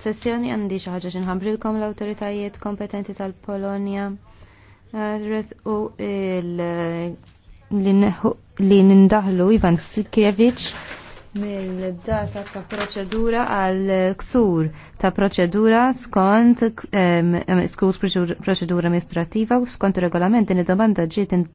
sessjoni għandi xi ħaġa xinħabrilkom l-awtoritajiet kompetenti tal-Polonja u li nindaħlu Ivan Sikiewicz mill-data ta' proċedura għal ksur ta' proċedura skont skur proċedura amministrativa u skont regolament din id-domanda ġiet